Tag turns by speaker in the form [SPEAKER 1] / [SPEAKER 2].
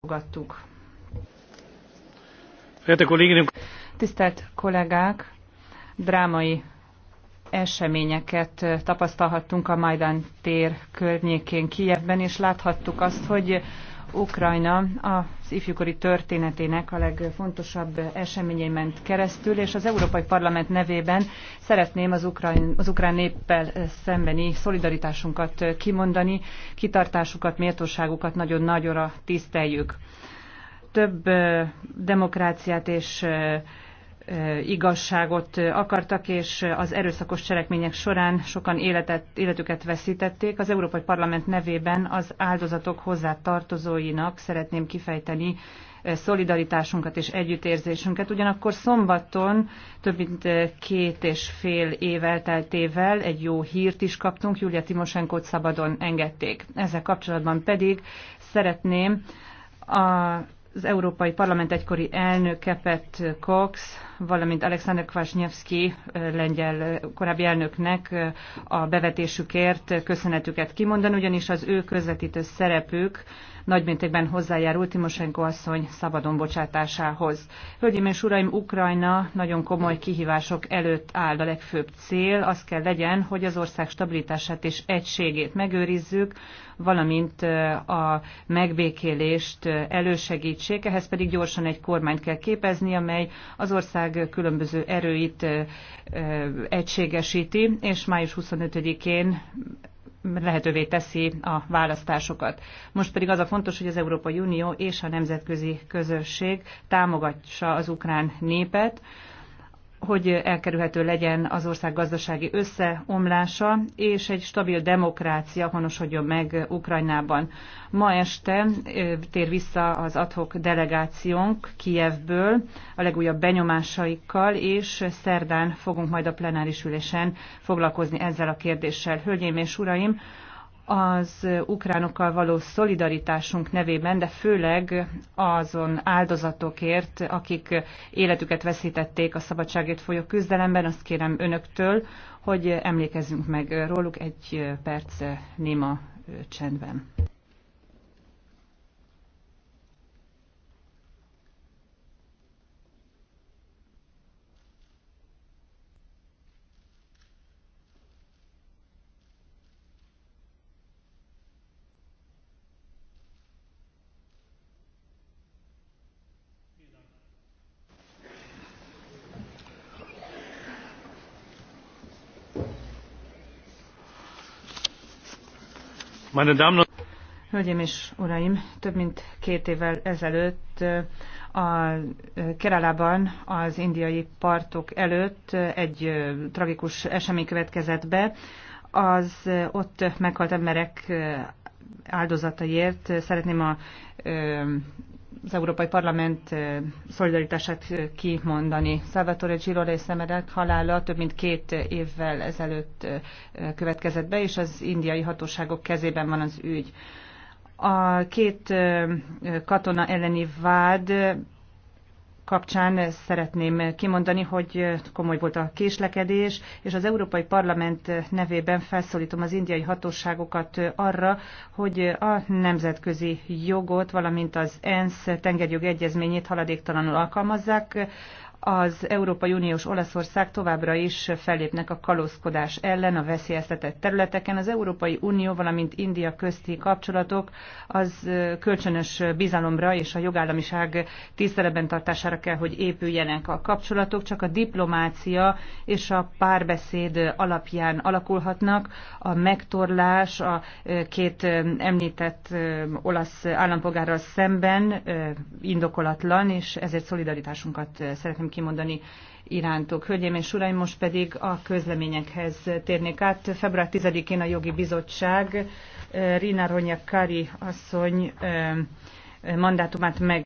[SPEAKER 1] fogadtuk. Tisztelt kollégák, drámai eseményeket tapasztalhattunk a Majdán tér környékén Kijevben, és láthattuk azt, hogy Ukrajna az ifjúkori történetének a legfontosabb eseményei ment keresztül, és az Európai Parlament nevében szeretném az ukrán, az ukrán néppel szembeni szolidaritásunkat kimondani, kitartásukat, méltóságukat nagyon nagyra tiszteljük. Több demokráciát és igazságot akartak, és az erőszakos cselekmények során sokan életet, életüket veszítették. Az Európai Parlament nevében az áldozatok hozzátartozóinak szeretném kifejteni szolidaritásunkat és együttérzésünket. Ugyanakkor szombaton több mint két és fél év elteltével egy jó hírt is kaptunk, Julia Timosenkót szabadon engedték. Ezzel kapcsolatban pedig szeretném a az Európai Parlament egykori elnöke Pet Cox, valamint Alexander Kwasniewski lengyel korábbi elnöknek a bevetésükért köszönetüket kimondani, ugyanis az ő közvetítő szerepük nagymértékben hozzájárult Timosenko asszony szabadon bocsátásához. Hölgyeim és uraim, Ukrajna nagyon komoly kihívások előtt áll a legfőbb cél, az kell legyen, hogy az ország stabilitását és egységét megőrizzük, valamint a megbékélést elősegítsük, segítség, ehhez pedig gyorsan egy kormányt kell képezni, amely az ország különböző erőit egységesíti, és május 25-én lehetővé teszi a választásokat. Most pedig az a fontos, hogy az Európai Unió és a nemzetközi közösség támogatsa az ukrán népet, hogy elkerülhető legyen az ország gazdasági összeomlása, és egy stabil demokrácia honosodjon meg Ukrajnában. Ma este tér vissza az adhok delegációnk Kijevből a legújabb benyomásaikkal, és szerdán fogunk majd a plenáris ülésen foglalkozni ezzel a kérdéssel. Hölgyeim és uraim, az ukránokkal való szolidaritásunk nevében, de főleg azon áldozatokért, akik életüket veszítették a szabadságért folyó küzdelemben, azt kérem önöktől, hogy emlékezzünk meg róluk egy perc néma csendben. Meine Damen und Hölgyeim és Uraim, több mint két évvel ezelőtt a Keralában az indiai partok előtt egy tragikus esemény következett be. Az ott meghalt emberek áldozataiért. Szeretném a, az Európai Parlament szolidaritását kimondani. Salvatore Girole Szemedek halála több mint két évvel ezelőtt következett be, és az indiai hatóságok kezében van az ügy. A két katona elleni vád kapcsán szeretném kimondani, hogy komoly volt a késlekedés, és az Európai Parlament nevében felszólítom az indiai hatóságokat arra, hogy a nemzetközi jogot, valamint az ENSZ tengerjog egyezményét haladéktalanul alkalmazzák, az Európai Uniós Olaszország továbbra is fellépnek a kalózkodás ellen a veszélyeztetett területeken. Az Európai Unió, valamint India közti kapcsolatok az kölcsönös bizalomra és a jogállamiság tiszteletben tartására kell, hogy épüljenek a kapcsolatok, csak a diplomácia és a párbeszéd alapján alakulhatnak. A megtorlás a két említett olasz állampolgárral szemben indokolatlan, és ezért szolidaritásunkat szeretném szeretném kimondani irántuk. Hölgyeim és uraim, most pedig a közleményekhez térnék át. Február 10-én a Jogi Bizottság eh, Rina Ronya Kari asszony eh, mandátumát meg